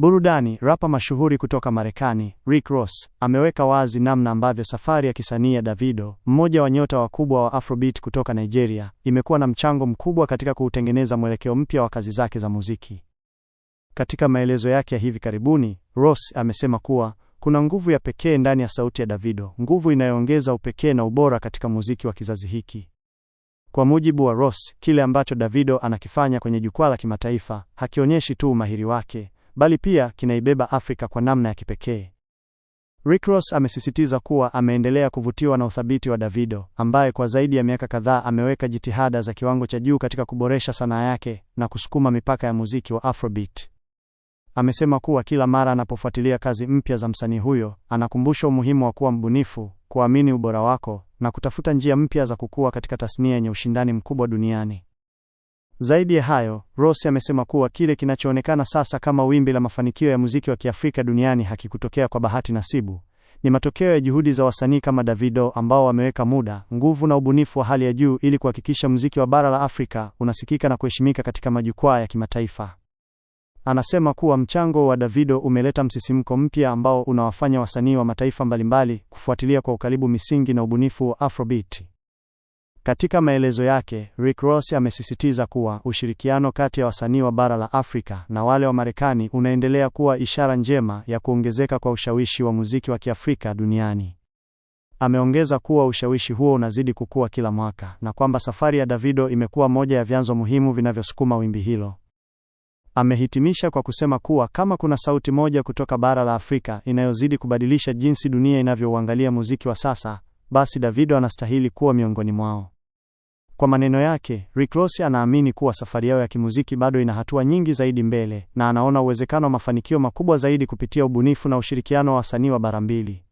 Burudani. Rapa mashuhuri kutoka Marekani Rick Ross ameweka wazi namna ambavyo safari ya kisanii ya Davido, mmoja wa nyota wakubwa wa Afrobeat kutoka Nigeria, imekuwa na mchango mkubwa katika kuutengeneza mwelekeo mpya wa kazi zake za muziki. Katika maelezo yake ya hivi karibuni, Ross amesema kuwa kuna nguvu ya pekee ndani ya sauti ya Davido, nguvu inayoongeza upekee na ubora katika muziki wa kizazi hiki. Kwa mujibu wa Ross, kile ambacho Davido anakifanya kwenye jukwaa la kimataifa hakionyeshi tu umahiri wake bali pia kinaibeba Afrika kwa namna ya kipekee. Rick Ross amesisitiza kuwa ameendelea kuvutiwa na uthabiti wa Davido, ambaye kwa zaidi ya miaka kadhaa ameweka jitihada za kiwango cha juu katika kuboresha sanaa yake na kusukuma mipaka ya muziki wa Afrobeat. Amesema kuwa kila mara anapofuatilia kazi mpya za msanii huyo, anakumbusha umuhimu wa kuwa mbunifu, kuamini ubora wako na kutafuta njia mpya za kukua katika tasnia yenye ushindani mkubwa duniani. Zaidi ya hayo, Ross amesema kuwa kile kinachoonekana sasa kama wimbi la mafanikio ya muziki wa Kiafrika duniani hakikutokea kwa bahati nasibu. Ni matokeo ya juhudi za wasanii kama Davido ambao wameweka muda, nguvu na ubunifu wa hali ya juu ili kuhakikisha muziki wa bara la Afrika unasikika na kuheshimika katika majukwaa ya kimataifa. Anasema kuwa mchango wa Davido umeleta msisimko mpya ambao unawafanya wasanii wa mataifa mbalimbali kufuatilia kwa ukaribu misingi na ubunifu wa Afrobeat. Katika maelezo yake, Rick Ross amesisitiza kuwa ushirikiano kati ya wasanii wa bara la Afrika na wale wa Marekani unaendelea kuwa ishara njema ya kuongezeka kwa ushawishi wa muziki wa Kiafrika duniani. Ameongeza kuwa ushawishi huo unazidi kukua kila mwaka na kwamba safari ya Davido imekuwa moja ya vyanzo muhimu vinavyosukuma wimbi hilo. Amehitimisha kwa kusema kuwa kama kuna sauti moja kutoka bara la Afrika inayozidi kubadilisha jinsi dunia inavyouangalia muziki wa sasa, basi Davido anastahili kuwa miongoni mwao. Kwa maneno yake, Rick Ross anaamini kuwa safari yao ya kimuziki bado ina hatua nyingi zaidi mbele na anaona uwezekano wa mafanikio makubwa zaidi kupitia ubunifu na ushirikiano wa wasanii wa bara mbili.